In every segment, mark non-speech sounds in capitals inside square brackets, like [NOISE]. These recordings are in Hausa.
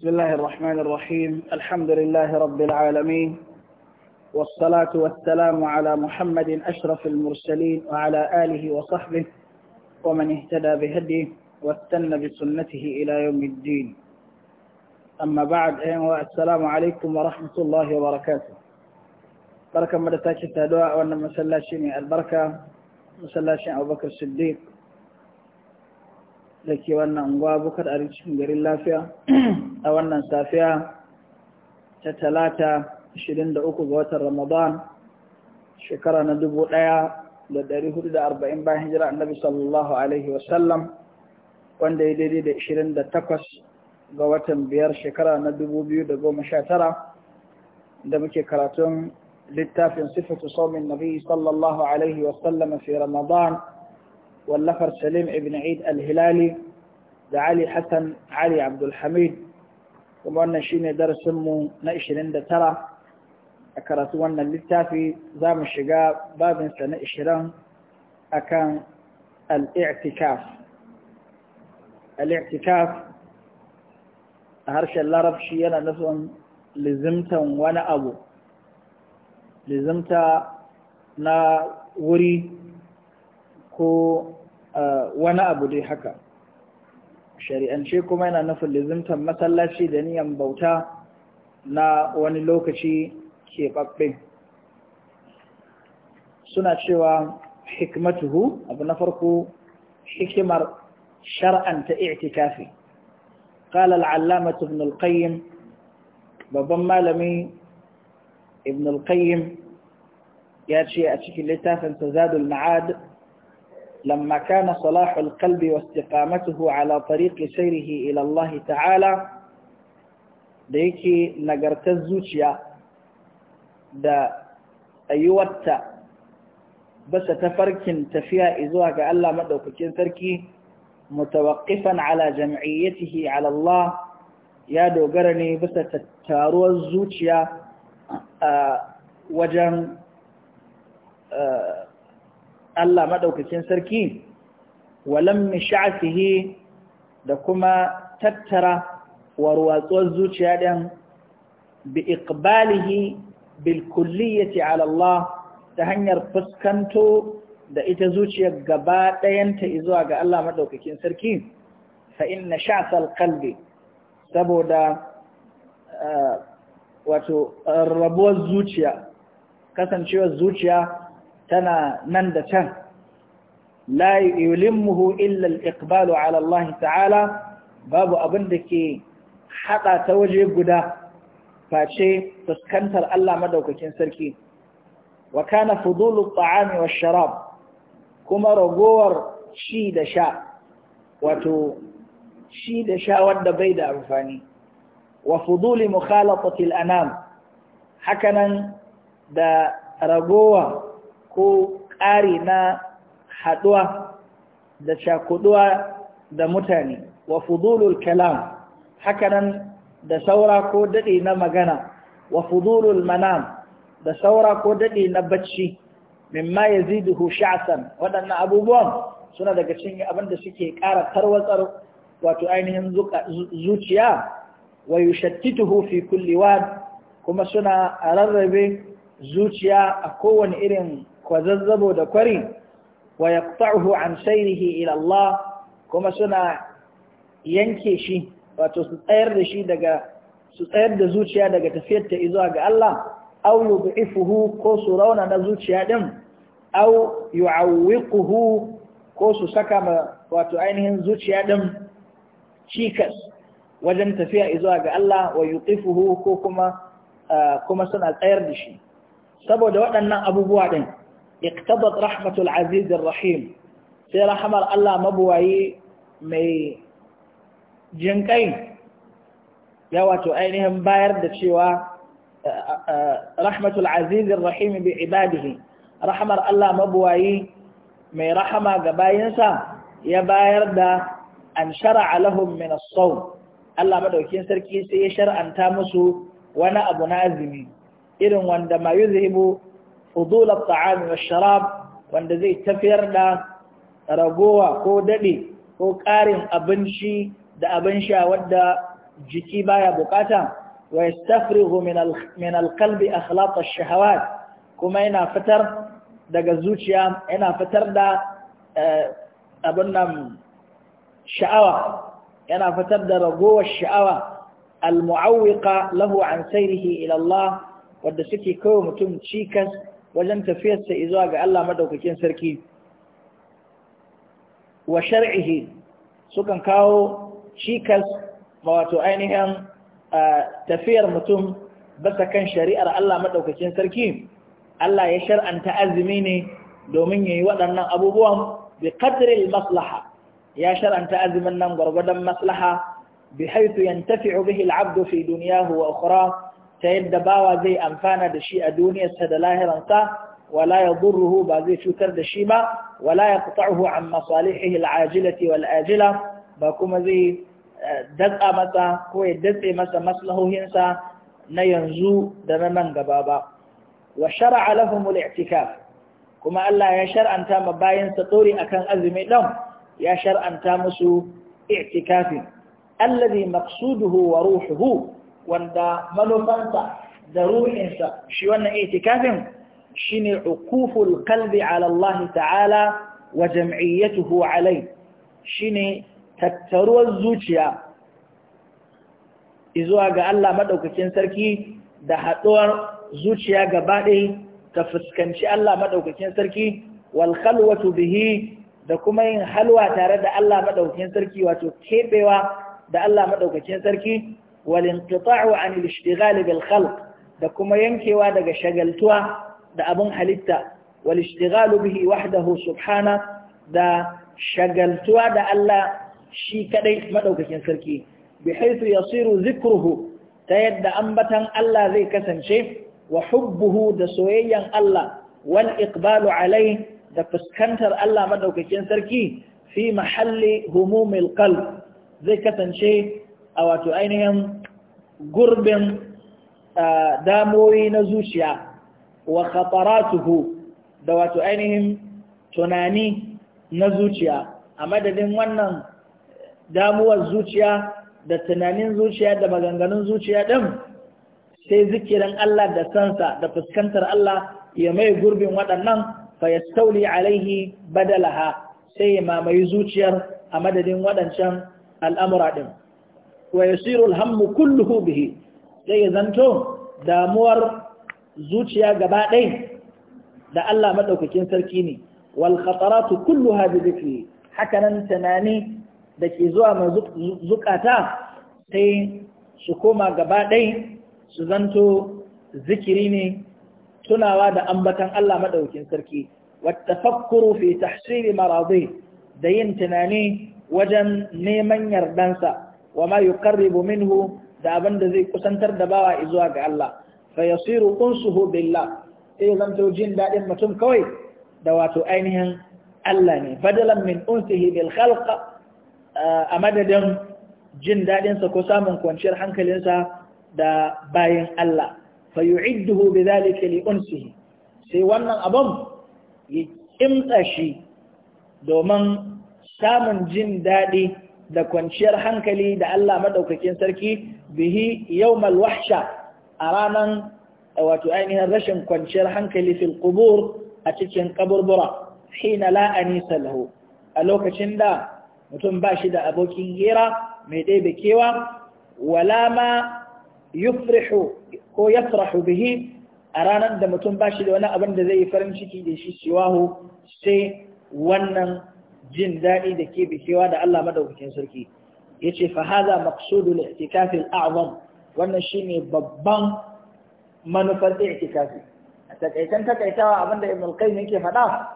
بسم الله الرحمن الرحيم الحمد لله رب العالمين والصلاة والسلام على محمد أشرف المرسلين وعلى آله وصحبه ومن اهتدى بهديه واستنى بسنته إلى يوم الدين أما بعد السلام عليكم ورحمة الله وبركاته بركة مدتاك التدواء وأن مسلاشين البركة مسلاشين أبو بكر الصديق da ke wannan unguwa bukar a cikin garin lafiya [CLEARS THROAT] a wannan safiya ta talata 23 ga watan ramadan shekara na 1440 bayan hijira annabi sallallahu alaihi wasallam wanda ya daidai da 28 ga watan biyar shekara na 2019 da muke karatun littafin sifatu saumin nabi sallallahu alaihi wasallam fi ramadan wallafar salim ibn eid al-hilali da ali hassan ali abdulhamid kuma wannan shine darasinmu na 29 a karatu wannan littafi za mu shiga babinsa na 20 akan al alitikaf a harshen larabci yana nufin lizimtan wani abu lizimta na wuri ko wani abu dai haka shari'ance kuma yana nufin lizimtar masallaci da niyan bauta na wani lokaci keɓaɓɓe suna cewa hikmatuhu abu na farko hikimar shar'anta i'tikafi قال العلامة ابن القيم babban malami ibn al-qayyim ya ce a cikin littafinsa zadul ma'ad لما كان صلاح القلب واستقامته على طريق سيره إلى الله تعالى ديكي نقرت الزوجيا دا أيوتا بس تفرك تفيا إزواك ألا مدوككين تركي متوقفا على جمعيته على الله يا دوغرني بس تتارو الزوجيا آه، وجن آه، Allah maɗaukacin sarki walam misha'fihi da kuma tattara warwatsuwar zuciya din bi iqbalihi bil kulliyyati ala Allah ta hanyar fuskanto da ita zuciyar gaba ɗayanta zuwa ga Allah madaukakin sarki fa inna sha'sal qalbi saboda eh, wato rabuwar zuciya kasancewar zuciya tana nan da can la yulimmuhu illa al-iqbalu ala Allah ta'ala babu abin da ke hada ta waje guda face fuskantar Allah madaukakin sarki wa kana fudulu at-ta'ami wash-sharab kuma ragowar shi da sha wato shi da sha wanda bai da amfani wa fuduli mukhalatati al-anam hakanan da ragowar. ko ƙari na haɗuwa da shakuduwa da mutane wa fudulul kalam hakanan da saura ko daɗe na magana wa fudulul manam da saura ko daɗe na bacci mimma ya ziduhu sha'asan waɗannan abubuwan suna daga cikin abinda suke ƙara tarwatsar wato ainihin zuciya wa yushattituhu fi kulli wad kuma suna rarrabe zuciya a kowane irin kwazazzabo da kwari wa yaqta'uhu an sayrihi ila Allah kuma suna yanke shi wato su tsayar da shi daga su tsayar da zuciya daga tafiyar ta zuwa ga Allah aw yud'ifuhu ko su rauna na zuciya din aw yu'awwiquhu ko su saka ma wato ainihin zuciya din cikas wajen tafiya zuwa ga Allah wa yuqifuhu ko kuma ah, kuma suna tsayar da shi saboda waɗannan abubuwa din iktabat rahmatul aziz rahim sai rahamar Allah mabuwayi mai jinkai ya wato ainihin bayar da cewa rahmatul aziz rahim bi ibadihi rahamar Allah mabuwayi mai rahma ga bayinsa ya bayar da an shara'a lahum min as Allah madaukin sarki sai ya shar'anta musu wani abu na azumi irin wanda ma yuzhibu fudul ta'ami taam wa sharab wanda zai tafiyar da ragowa ko dadi ko ƙarin abinci da abin sha wadda jiki baya bukata wa yastafrihu min al-qalbi akhlaq ash-shahawat kuma yana fitar daga zuciya yana fitar da eh, abin nan sha'awa yana fitar da ragowar sha'awa al-mu'awwiqa lahu an sayrihi ila Allah wanda suke kawo mutum cikas wajen tafiyarsa izuwa ga Allah madaukakin sarki wa shar'ihi sukan kawo cikas wato ainihin tafiyar mutum basa kan shari'ar Allah madaukakin sarki Allah ya shar'anta azumi ne domin yayi waɗannan abubuwan bi qadri maslaha ya shar'anta azumin nan gwargwadon maslaha bi haythu yantafi'u bihi al fi dunyahu wa ukhrahu ta yadda bawa zai amfana da shi a duniyarsa da lahiransa wala ya durruhu ba zai cutar da shi ba wala ya qata'uhu an masalihihi al'ajilati wal ba kuma zai eh, datsa masa ko ya datse masa maslahohinsa na yanzu da na nan gaba ba wa shar'a lahum al-i'tikaf kuma Allah ya shar'anta ma bayansa sa tsori akan azumi ɗan ya shar'anta musu i'tikafi alladhi maqsuduhu wa ruhuhu wanda manufansa da ruhinsa shi wannan itikafin shine uquful kalbi ala Allah ta'ala wa jam'iyyatuhu alai shine tattaruwar zuciya izuwa ga Allah maɗaukakin sarki da haɗuwar zuciya gaba ta fuskanci Allah maɗaukakin sarki wal khalwatu bihi da kuma yin halwa tare da Allah maɗaukakin sarki wato keɓewa da Allah maɗaukakin sarki والانقطاع عن الاشتغال بالخلق da kuma yankewa daga shagaltuwa da abin halitta والاشتغال به وحده سبحانه da shagaltuwa da Allah shi kadai madaukakin sarki bihaythu yasiru zikruhu ta yadda ambatan Allah zai kasance wa hubbuhu da soyayyan Allah wal ikbalu alai da fuskantar Allah madaukakin sarki fi mahalli humumil qalb zai kasance a wato ainihin gurbin damoyi na zuciya wa khataratuhu da wato ainihin tunani na zuciya a madadin wannan damuwar zuciya da tunanin zuciya da maganganun zuciya ɗin sai zikirin Allah da sansa da fuskantar Allah ya mai gurbin waɗannan fa ya stauli alaihi badalaha sai ya mamaye zuciyar a madadin waɗancan al'amura ɗin. wa yasirul hammu kulluhu bihi sai ya zanto damuwar zuciya gaba da Allah maɗaukakin sarki ne wal khataratu kulluha bi dhikri haka nan tunani da ke zuwa mai zukata sai su koma gaba su zanto zikiri ne tunawa da ambatan Allah maɗaukakin sarki wattafakkuru fi tahsiri maradi da yin tunani wajen neman yardansa wa ma yuqarribu minhu da abin da zai kusantar da bawa zuwa ga Allah fa yasiru kunsuhu billah sai zanto jin dadin mutum kawai da wato ainihin Allah ne badalan min unsihi bil khalq eh, a madadin jin daɗinsa ko samun kwanciyar hankalinsa da bayan Allah fa yu'idduhu bidhalika li unsihi sai wannan abun ya kimtsa shi domin samun jin daɗi da kwanciyar hankali da Allah Maɗaukakin sarki bihi yau malwahsha a ranan eh, wato ainihin rashin kwanciyar hankali fil qubur a cikin kaburbura hina la'ani anisa a lokacin da mutum ba shi da abokin hira mai ɗebe kewa wala ma yufrihu ko yafrahu bihi a ranar da mutum ba shi da wani abin da zai yi farin ciki da shi siwahu sai wannan jin daɗi da ke bikewa da Allah madaukakin sarki yace fa hadha al i'tikaf al-a'zam wannan shine babban manufar i'tikaf a takaitan takaitawa abinda Ibn al-Qayyim yake faɗa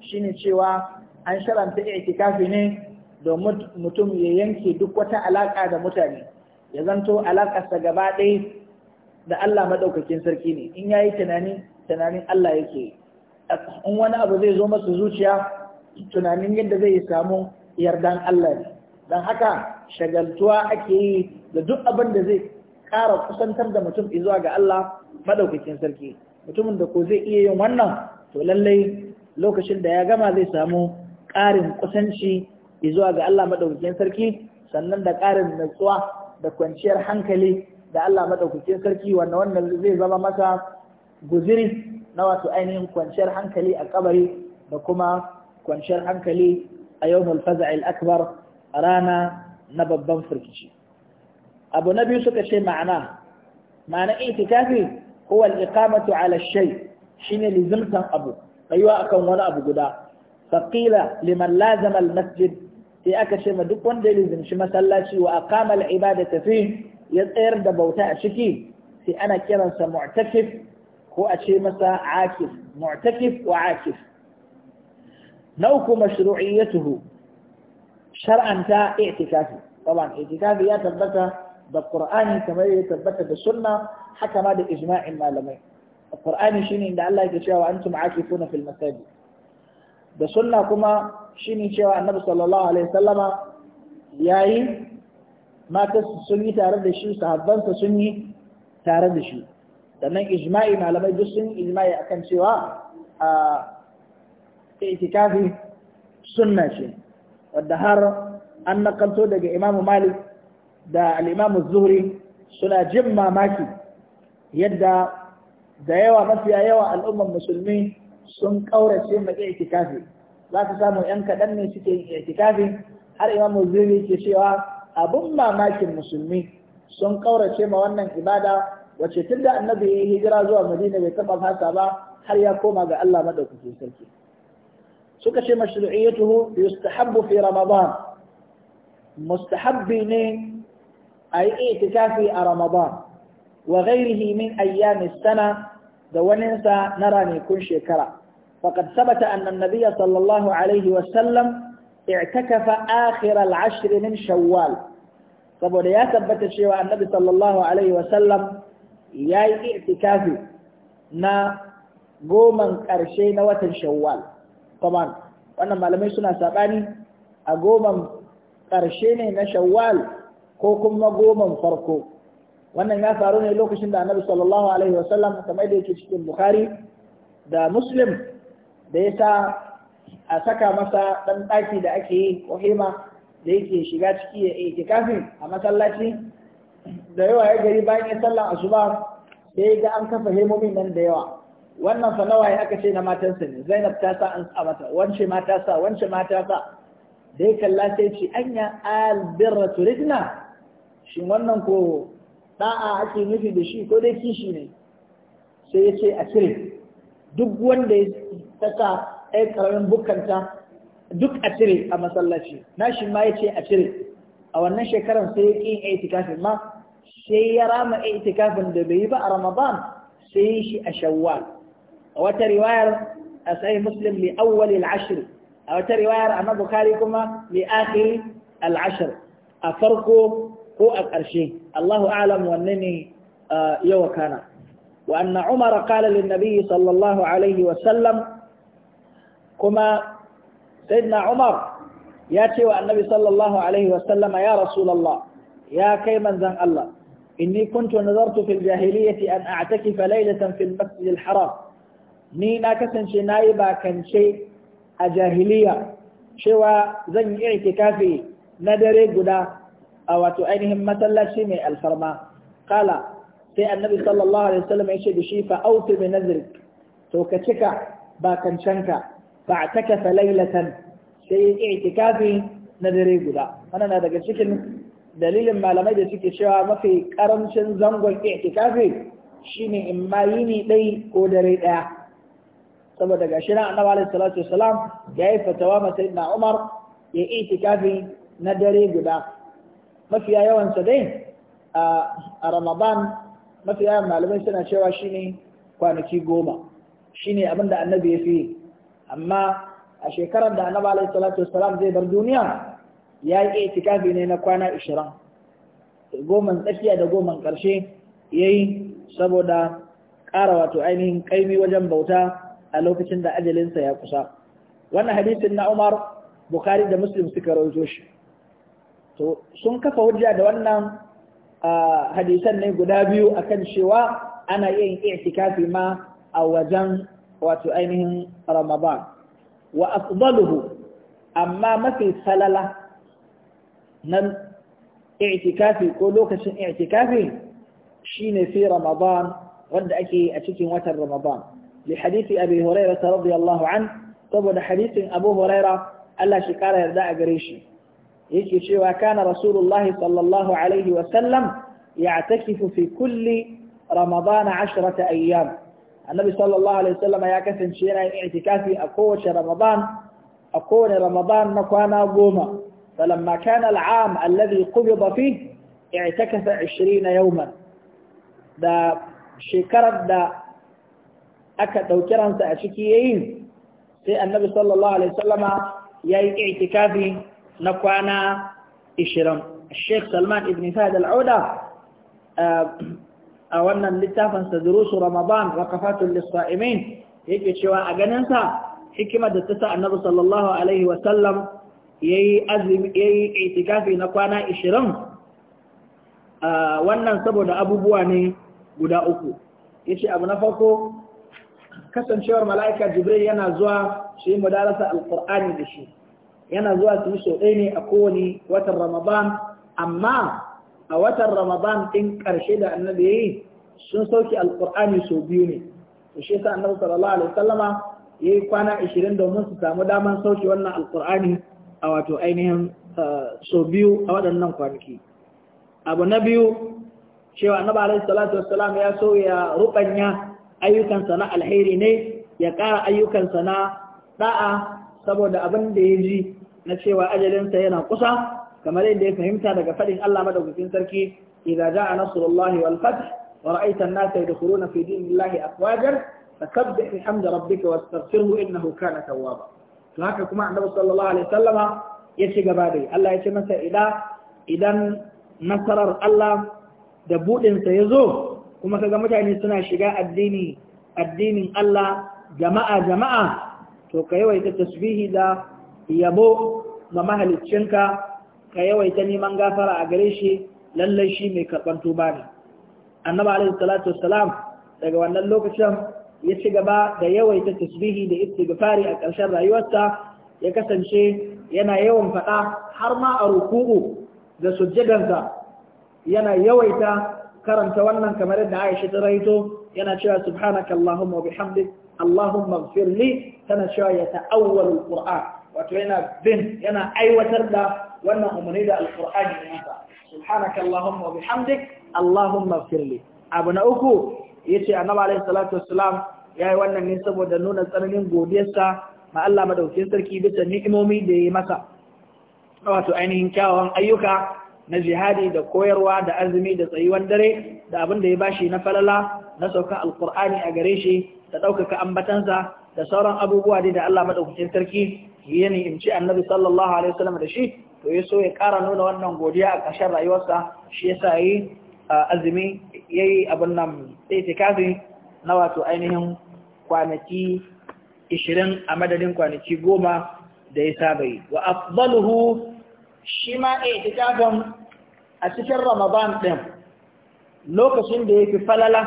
shine cewa an sharanta i'tikaf ne domin mutum ya yanke duk wata alaka da mutane ya zanto alakarsa gaba ɗaya da Allah madaukakin sarki ne in yayi tunani tunanin Allah yake in wani abu zai zo masa zuciya tunanin yadda zai samu yardan Allah ne don haka shagaltuwa ake yi da duk abin da zai ƙara kusantar da mutum zuwa ga Allah madaukakin sarki mutumin da ko zai iya yin wannan to lallai lokacin da ya gama zai samu ƙarin kusanci zuwa ga Allah madaukakin sarki sannan da ƙarin natsuwa da kwanciyar hankali da Allah madaukakin sarki wanda wannan zai zama masa guziri na wasu ainihin kwanciyar hankali a kabari da kuma kwanciyar hankali a yawmul faza'il akbar a rana na babban firkici abu na biyu suka ce ma'ana ma'ana itikafi ko al-iqamatu ala shay shine lizimtan abu rayuwa akan wani abu guda faqila liman lazama masjid sai aka ce ma duk wanda ya lizimci masallaci wa aqama ibada ibadata fi ya tsayar da bauta a ciki sai ana kiransa mu'takif ko a ce masa akif mu'takif wa akif na uku mashru'iyyatuhu shar'anta i'tikafi طبعا i'tikafi ya tabbata da Qur'ani kamar ya tabbata da sunna haka da ijma'in malamai Qur'ani shine inda Allah yake cewa antum aakifuna fil masajid da sunna kuma shine cewa Annabi sallallahu alaihi wasallama yayi mata sun yi tare da shi sahabbansa sun yi tare da shi sannan ijma'i malamai duk sun ijma'i akan cewa a itikafi sunna ce wadda har an nakalto daga imamu malik da al'imamu zuhri suna jin mamaki yadda da yawa mafiya yawa al'ummar musulmi sun ƙaurace mai itikafi za ka samu ‘yan kaɗan ne suke yin itikafi har imamu zuhri ke cewa abin mamakin musulmi sun ƙaurace ma wannan ibada wacce tun da annabi ya hijira zuwa madina bai taɓa fasa ba har ya koma ga Allah maɗaukakin sarki. سكش مشروعيته يستحب في رمضان مستحب مستحبين أي اعتكافي رمضان وغيره من أيام السنة دو ننسى نراني كل شكرا فقد ثبت أن النبي صلى الله عليه وسلم اعتكف آخر العشر من شوال طب قبل ثبت شوى النبي صلى الله عليه وسلم يأي اعتكافي نا قوما قرشين وتن شوال Qaban wannan malamai suna saɓani a goman ƙarshe ne na Shawwal ko kuma goman farko wannan ya faru ne lokacin da Annabi sallallahu alaihi wasallam kamar da yake cikin Bukhari da Muslim da ya sa a saka masa ɗan ɗaki da ake yi ko hima da yake shiga ciki ya kafin a masallaci da yawa ya gari bayan ya sallan asuba sai ga an kafa hemomin nan da yawa wannan fa nawa ya aka ce na matansa ne zainab ta sa an sa mata wance ma ta sa wance ma ta sa dai kalla sai ce anya albirra turidna shi wannan ko da'a ake nufi da shi ko dai kishi ne sai ya ce a cire duk wanda ya saka ɗaya ƙaramin bukanta duk a cire a masallaci na shi ma ya ce a cire a wannan shekarar sai ya ƙi yin aitikafin ma sai ya rama aitikafin da bai yi ba a ramadan sai shi a shawwal a wata riwayar a sahih muslim li awwalil ashr a wata riwayar a bukhari kuma li akhir al ashr a farko ko a ƙarshe Allahu a'lam wanne ne yawa kana wa anna umar qala lin nabiy sallallahu alaihi wa sallam kuma sayyidina umar ya ce wa annabi sallallahu alaihi wa sallama ya rasulullah ya kai manzan Allah إني كنت نظرت في الجاهلية أن أعتكف ليلة في المسجد الحرام ni na kasance na yi bakance a jahiliya cewa zan yi irtikafi na dare guda a wato ainihin masallaci mai alfarma kala sai annabi sallallahu alaihi wasallam ya ce da shi fa autu bi nazrik to ka cika bakancanka fa atakafa laylatan sai yi itikafi na dare guda wannan na daga cikin dalilin malamai da suke cewa mafi karamcin zangon itikafi shine in ma ni dai ko dare daya saboda gashi nan annabi alaihi salatu wasalam ya yi fatawa ma sayyidina Umar ya yi itikafi na dare guda mafiya yawan sa dai a Ramadan mafi yawan malamai suna cewa shine kwanaki goma shine abin da annabi ya fi amma a shekarar da annabi alaihi salatu wasalam zai bar duniya ya yi itikafi ne na kwana 20 goman tsakiya da goman karshe yayi saboda ƙara wato ainihin kaimi wajen bauta a lokacin da ajalinsa ya kusa wannan hadisin na Umar Bukhari da Muslim suka rawaito shi to sun kafa hujja da wannan hadisan ne guda biyu akan cewa ana yin i'tikafi ma a wajen wato ainihin Ramadan wa afdaluhu amma mafi salala nan i'tikafi ko lokacin i'tikafi shine fi Ramadan wanda ake a cikin watan Ramadan لحديث أبي هريرة رضي الله عنه طب حديث أبو هريرة ألا شكار يرداء قريشي يجي شوى كان رسول الله صلى الله عليه وسلم يعتكف في كل رمضان عشرة أيام النبي صلى الله عليه وسلم يا كثن شينا يعني اعتكافي أقوة رمضان أقوة رمضان نكوانا قوما فلما كان العام الذي قبض فيه اعتكف عشرين يوما دا شكرت دا aka ɗauki ransa a ciki yayin sai annabi sallallahu alaihi wasallama ya yi itikafi na kwana 20 Sheikh Salman ibn Fahd al-Auda eh, a wannan littafin sa Ramadan wa kafatul lisaimin yake cewa a ganin sa hikimar da ta sa annabi sallallahu alaihi wasallam yayi azumi yayi itikafi na kwana 20 eh, wannan saboda abubuwa ne guda uku yace abu na farko kasancewar mala'ika jibril yana zuwa su yi madarasa alkur'ani da shi yana zuwa su yi sau ɗaya ne a kowane watan ramadan amma a watan ramadan ɗin ƙarshe da annabi yayi yi sun sauke alkur'ani sau biyu ne to shi yasa annabi sallallahu alaihi wasallama ya yi kwana ashirin domin su samu damar sauke wannan alkur'ani a wato ainihin sau biyu a waɗannan kwanaki abu na biyu cewa annabi alaihi salatu ya so ya ruɓanya ayyukansa na alheri ne ya ƙara ayyukansa na da'a saboda abin da ya ji na cewa ajalinsa yana kusa kamar yadda ya fahimta daga faɗin Allah madaukakin sarki idza ja'a nasrullahi wal fath wa ra'aita an-nasa yadkhuluna fi dinillahi afwajan fasabbih bihamdi rabbika wastaghfirhu innahu kana tawwaba to haka kuma annabi sallallahu alaihi wasallama ya ci gaba da Allah ya ce masa idan idan nasarar Allah da budin sa zo. kuma kaga mutane suna shiga addini addinin Allah jama'a jama'a to ka yawaita tasbihi da yabo ga mahaliccinka ka yawaita neman gafara a gare shi lallai shi mai karɓar tuba ne annabi alaihi salatu wassalam daga wannan lokacin ya ci gaba da yawaita tasbihi da istighfari a ƙarshen rayuwarsa ya kasance yana yawan faɗa har ma a ruku'u da sujjadansa yana yawaita karanta wannan kamar yadda Aisha ta raito yana cewa subhanaka allahumma bihamdik allahumma ighfir li tana cewa ya ta'awwal alquran wato yana bin yana aiwatar da wannan umarni da alqur'ani ne masa subhanaka allahumma bihamdik allahumma ighfir li abu na uku yace annabi alaihi salatu wassalam yayi wannan ne saboda nuna tsananin godiyarsa ma Allah madaukakin sarki bisa ni'imomi da ya yi masa wato ainihin kyawawan ayyuka na jihadi da koyarwa da azumi da tsayuwan dare da abin da ya bashi na falala na saukan alkur'ani a gare shi da ɗaukaka ambatansa da sauran abubuwa da Allah maɗaukacin sarki ya ni'imci annabi sallallahu alaihi wasallam da shi to ya so ya ƙara nuna wannan godiya a ƙarshen rayuwarsa shi ya sa yi azumi ya yi abin nan itikafi na wato ainihin kwanaki ishirin a madadin kwanaki goma da ya saba yi wa afdaluhu shi ma itikafin a cikin Ramadan ɗin lokacin da fi falala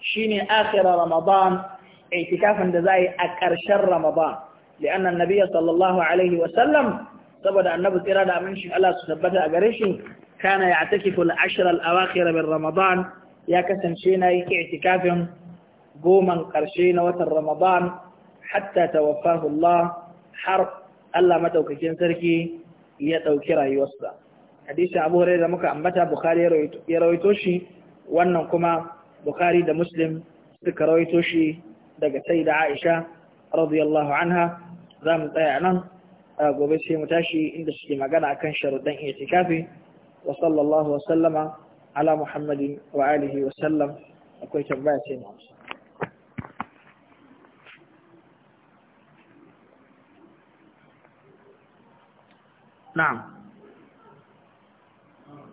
shine akira Ramadan itikafin da za a yi a ƙarshen Ramadan li'annan nabiya sallallahu alaihi wa sallam saboda annabi tsira da aminci Allah su tabbata a gare shi kana ya'takifu al-ashr al-awakhir min Ramadan ya kasance na yi itikafin goman ƙarshe na watan Ramadan hatta ta Allah har Allah mataukacin sarki ya ɗauki rayuwarsa hadisi abu da muka ambata bukari ya rawaito shi wannan kuma bukari da muslim suka rawaito shi daga sai da aisha radiyallahu anha za mu tsaya nan gobe sai mu tashi inda suke magana akan sharuɗan itikafi wa sallallahu wa sallama ala muhammadin wa alihi wa sallam akwai tambaya sai mu amsa Naam.